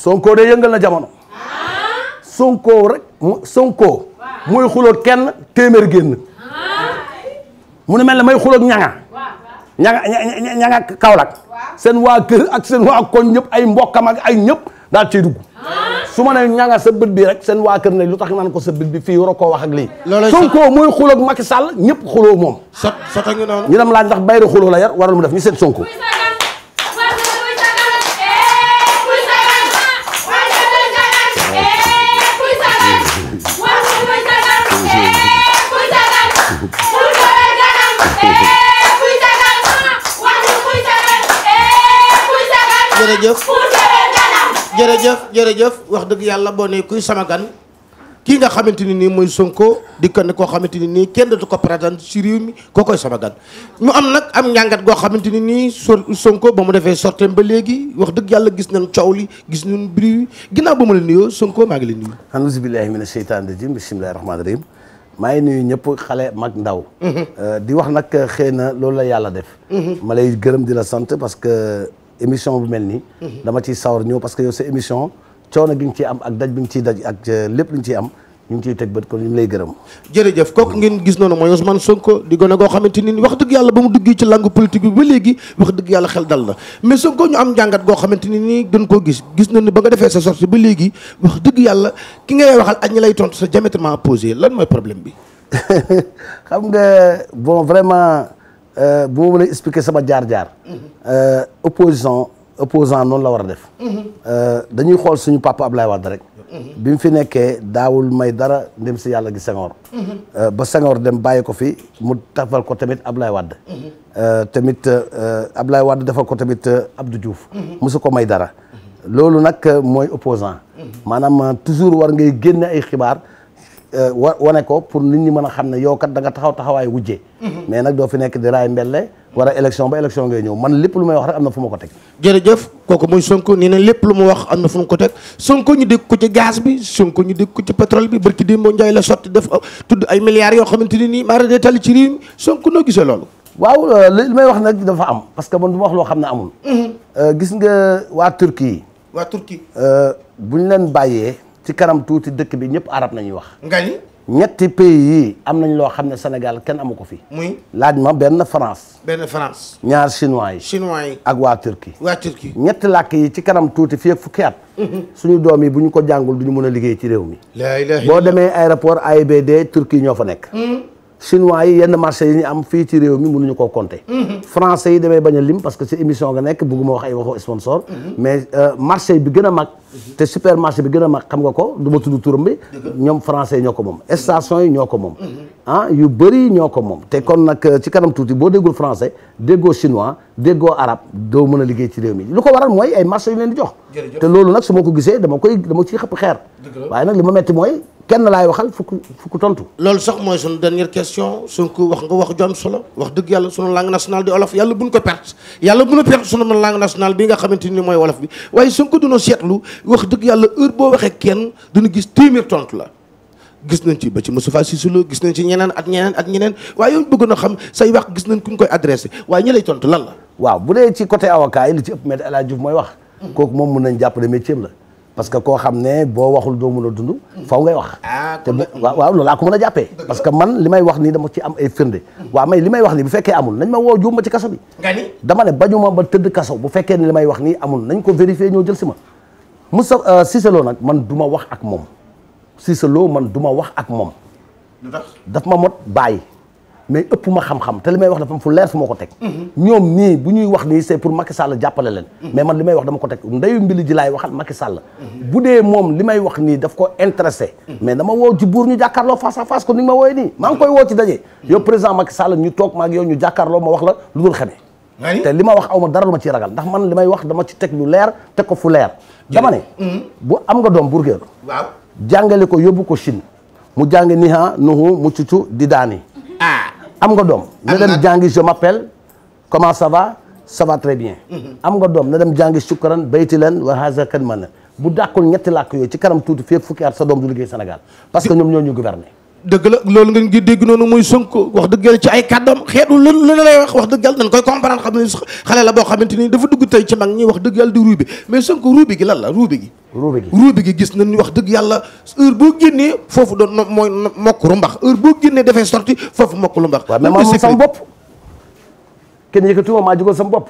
Sonko de yëngal na jamono. Ah. Sonko rek Sonko. muy xuloog kenn téeméer génn. Ah. mu ne mel ne may xuloog ñanga. ñanga ñanga Kaolack. seen waa kër ak seen waa koñ ñëpp ay mbokkam ak ay ñëpp daal ciy dugg. Ah. su ma nee ñanga sa bët bi rek seen waa kër lu tax naan ko sa bët bi fii waroo koo wax ak lii. Sonko muy xuloog Macky Sall ñëpp xuloo moom. sot sotaguñu noonu. ñu dem laaj ndax bayri xuloo la yar waral mu def ñu seet Sonko. jërëjëf jërëjëf jërëjëf wax dëgg yàlla boo ne kuy sama kii nga xamante ni nii mooy Sonko di kenn koo xamante ni nii kenn dootu ko prétendre ci réew mi koo koy sama gan mu am nag am njàngat goo xamante ni nii Sonko ba mu defee sorteem ba léegi wax dëgg yàlla gis nañ coow li gis nañ bruit ginnaaw ba ma la nuyoo Sonko maa ngi leen nuyu auzu billaahi mina sheytaani rajiim bismillaahi rahmaani rahiim maa ngi nuyu ñëpp xale mag ndaw mhm. euh, di wax nag xëy loolu la yàlla def mhm. émission bu mel nii. Mhm. dama ciy sawar ñëw parce que yow sa émission coono gi nga am ak daj bi nga ciy daj ak euh, lépp lu ñu am. ñu ngi ciy di gone goo xamante ni wax dëgg yàlla ba mu duggee ci langue politique bi ba léegi wax dëgg yàlla xel dal na mais Sonko ñu am njàngat goo xamante ni koo gis gis na ba nga defee sa sortie ba léegi wax dëgg yàlla ki ngay waxal ak lay tontu sa diamétralement opposé lan mooy problème bi. xam nga bon boobu euh, lay expliquer sama jaar-jaar euh, opposition opposant noonu la war a def euh, dañuy xool suñu papa Ablaye Wade rek bi mu fi nekkee daawul may dara ndem si yàlla gi Senghor ba Senghor dem bàyyi ko fi mu defal ko tamit Ablaye Wade tamit Ablaye Wade defal ko tamit Abdou Diouf mosu ko may dara loolu nag mooy opposant maanaam toujours war ngay génne ay xibaar Euh, wa wane ko pour nit ñi mën a xam ne yow kat da nga taxaw taxawaay wujjee mhm. mais nag doo fi nekk di raay mbelle war a élection ba élection ngay ñëw man lépp lu may wax rek am na fu ma ko teg jërëjëf kooku Sonko nee na lépp lu mu wax am na fu mu ko teg Sonko ñu dégg ko ci gaz bi Sonko ñu dégg ko ci pétrole bi barki di moo njaay la sotti def tudd ay milliards yoo xamante ni nii maara de tali ci réew mi Sonko noo gisee loolu waaw euh, li may wax nag dafa am parce que man du ma wax loo xam ne amul mhm. euh, gis nga waa Turquie yi waa Turquie bu ñu leen bàyyee ci kanam tuuti dëkk bi ñëpp arab nañu wax. nga ñetti pays yi am nañ loo xam ne Sénégal kenn amu ko fi. muy laaj ma benn France. benn France. ñaar chinois yi. chinois yi ak waa Turquie. waa Turquie ñetti làkk yi ci kanam tuuti fii ak fukki at. Mhm. suñu doom yi bu ñu ko jàngul du ñu mën a liggéey ci réew mi. boo demee ay aéroport AIBD Turquie ñoo fa nekk. Mhm. chinois yi yenn marché yi ñu am fii ci réew mi mënuñu koo compter. français yi damay bañ lim parce que ci émission nga nekk bëgguma wax ay waxu sponsor. mais euh, marché bi gën a mag. te supermarché bi gën a mag xam nga ko du ma tudd turam bi. ñoom français yi ñoo ko moom. estation yi ñoo ko moom. ah yu bëri ñoo ko moom. te kon nag euh, ci kanam tuuti boo déggul français déggoo chinois déggoo arabe doo mën a liggéey ci réew mi lu ko waral mooy ay marché yu leen di jox. te loolu nag su ko gisee dama koy dama ciy xëpp xeer. waaye nag li ma metti mooy kenn laay waxal fukk fukk tontu. loolu sax mooy sunu dernière question Sonko wax nga wax ju solo wax dëgg yàlla sunu langue nationale di olof yàlla buñ ko perte yàlla buñu perte sunu langue nationale bi nga xamante ni mooy wolof bi waaye Sonko dunoo seetlu wax dëgg yàlla heure boo waxee kenn duñu gis téeméer tontu la. gis nañ ci ba ci Moustapha Cissé Lo nañ ci ñeneen ak ñeneen ak ñeneen waaye yow bëgg xam say wax gis nañ kuñ koy adressé waaye ñi lay tontu lan la. waaw bu dee ci cot avocat yi li ci mooy wax. Hmm. kooku moom mun nañ jàpp ne métier la. parce que koo xam ne boo waxul doo mën a dund faw ngay wax ah, te waaw waaw loolu laa ko mën a jàppee parce que man li may wax ni dama ci am ay firnde waa may limay wax nii bu fekkee amul nañ ma woo juum ma ci kaso bi nga ni dama ne bañu ma ba tëdd kaso bu fekkee ne wax ni amul nañ ko vérifier ñoo jël si ma Moussa euh, Cissé nag man duma wax ak moom Cissé Lo man duma wax ak moom daf ma mot bàyyi mais ëpp ma xam-xam te li may wax dafa am ko teg ñoom wax nii c'est pour Macky Sall jàppale leen mais man li may wax dama ko teg ndeyu mbili ji laay waxal Macky li may wax nii daf ko intéressé mais dama woo ci buur ñu jàkkaarloo face à face ko ni ma wooye nii maa ngi koy woo ci daje yow président Macky Sall ñu ñu jàkkaarloo ma wax la lu dul te li ma wax aw ma dara lu ma ciy ragal man li may wax dama ci teg lu leer teg ko fu leer dama ne mm-hmm. bu am nga doom burgeeru waaw jàngale ko yóbbu ko Chine mu jànge niha nuhu mu cucu di daani am nga doom na dem jàngi je m'appelle comment ça va ça va très bien mhm. am nga doom na dem jàngi sukkaran bayti leen wa haza kan man na bu dàkkul ñetti làkk yooyu ci kanam tuuti fii fukki at doom du liggéey Sénégal parce que ñoom ñoo ñu gouverner dëgg la loolu nga ngi dégg noonu muy Sonko wax dëgg yàlla ci ay kàddam xeetu lu lu lay wax wax dëgg yàlla dañ koy comprendre xam ne xale la boo xamante ne dafa dugg tey ci mag ñi wax dëgg yàlla di ruube mais Sonko ruube gi lan la ruube gi. ruube gi ruube wax dëgg yàlla heure boo génnee foofu doon no mooy mokk lu mbax boo génnee dafay sorti foofu mokk lu mbax. waaw mais maa moom bopp kenn yëkkatuma maa jógal sama bopp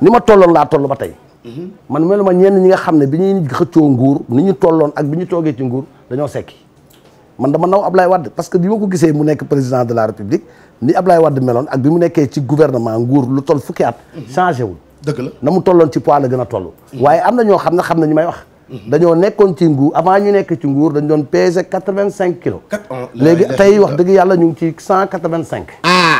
ni ma tolloon laa toll ba tey. Mhm. man melu ma ñenn ñi nga xam ne bi ñuy xëccoo nguur ni ñu tolloon ak bi ñu toogee ci nguur dañoo sekki man dama naw Ablaye Wade parce que bi ma ko gisee mu nekk président de la république ni Ablaye Wade meloon ak bi mu nekkee ci gouvernement nguur lu toll fukki at. changé wul. dëgg la na mu tolloon ci poids la gën a toll. waaye am na ñoo ne xam na may wax. dañoo nekkoon ci nguur avant ñu nekk ci nguur dañ doon peser quatre vingt cinq kilos. léegi tey wax dëgg yàlla ñu ngi ci cent quatre vingt cinq. Ah!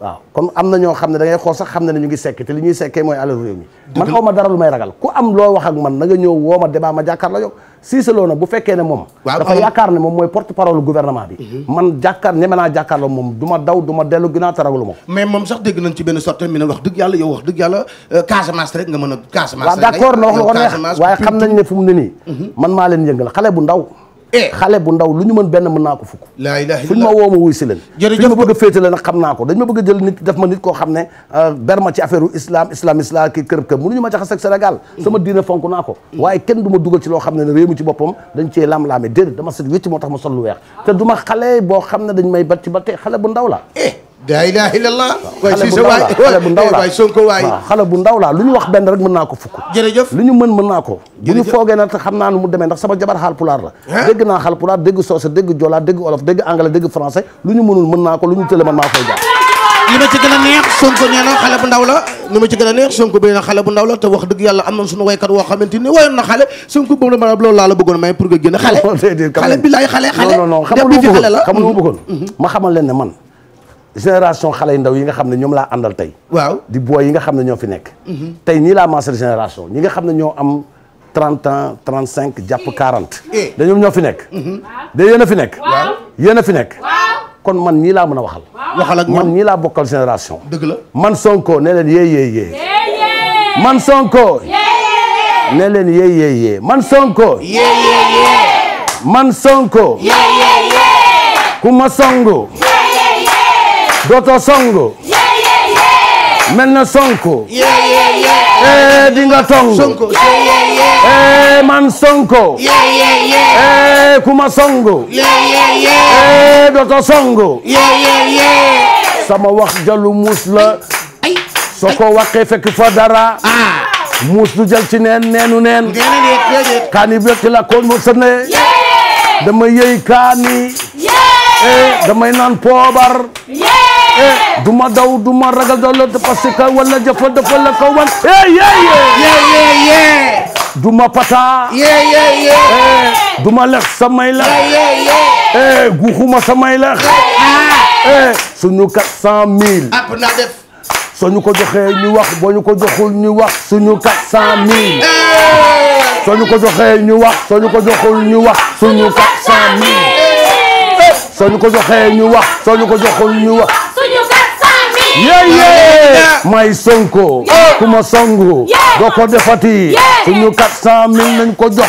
waaw kon am na ñoo xam ne da ngay xool sax xam ne ñu ngi sekk te li ñuy sekkee mooy alal réew mi man xaw dara lu may ragal ku am loo wax ak man na nga ñëw woo ma débat ma jàkkaar la yow Cissé bu fekkee ne moom dafa yaakaar ne moom mooy porte parole gouvernement bi mhm. man jàkkaar ñeme naa jàkkaar la moom du ma daw du ma dellu ginnaaw te ragalu ma mais moom sax dégg nañ ci benn sorte mi ne wax dëgg yàlla yow wax dëgg yàlla euh, Casamance rek nga mën a Casamance waaw d'accord na waaye xam nañ ne fu ne nii mhm. man maa leen yëngal xale bu ndaw Eh. xale bu ndaw lu ñu mën benn mën naa ko fukk fu ñu ma woo ma wuy si leen fi ma bëgg a féetale nag xam naa ko bëgg jël nit def ma nit koo xam ne euh, ber ma ci affaire u islam islamiste la kii kërëb kërëb mënuñu ma jaxase ak Sénégal sama diine fonk naa ko hmm. waaye kenn du ma dugal ci loo xam ne ne réew mi ci boppam dañ cee lam-laame déedéet dama set wécc moo tax ma sol lu weex ah. te du ma xale boo xam ne dañ may bat ci ba te xale bu ndaw la eh. la ilaha illallah waay si xale bu ndaw laa lu ñu wax benn rek mën naa ko fukk jërëjëf lu ñu mën mën naa ko bu ñu foogee na te xam naa nu mu demee ndax sama jabar xaal pulaar la dégg naa xaal pulaar dégg soose dégg joolaa dégg olof dégg anglais dégg français lu ñu mënul mën naa ko lu ñu tële mën naa li ma ci gën a neex sonko nee na xale bu ndaw la li ma ci gën a neex sonko bi na xale bu ndaw te wax dëgg yàlla am na suñu waykat woo ma génération xale yu ndaw yi nga xam ne ñoom laa àndal tey. waaw di booy yi nga xam ne ñoo fi nekk. Mhm. tey ñii laa maasal génération ñi nga xam ne ñoo am 30 ans 35 jàpp 40. Eh. Eh. dañoo ñoo fi nekk. Mhm. de yéen a fi nekk. waaw yéen a fi nekk. kon man ñii laa mën a waxal. ak man ñii laa génération. la man Sonko ne leen yee man Sonko. ne leen yee Sonko. yee yee yee. man Sonko. yee doto songo mel na sonko ee eh, dinga eh, man sonko ee eh, kuma songo ee doto songo sama wax jalu muus la soo ko waxee fekk fa dara muus du jël ci neen neenu neen kaani bi ci la koon mu sene damay yëy kaani damay naan poobar Eh, du ma daw du ma ragal dala parce que wala jëfa dafa la ko wan yeyeye du ma pata yeyeye eh, du ma lex samay lex eh, guxuma samay lex suñu quatre cent mille soñu ko joxee ñu wax boo ñu ko joxul ñu wax suñu quatre cent mille soñu ko joxee ñu wax soñu ko joxul ñu wax suñu quatre cent ko joxee ñu wax soñu ko joxul ñu wax yeye may sonko kuma songu doo ko defati suñu quatre cent mille nañ ko jox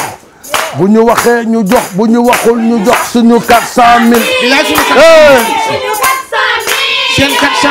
bu ñu waxee ñu jox bu ñu waxul ñu jox suñu quatre cent mille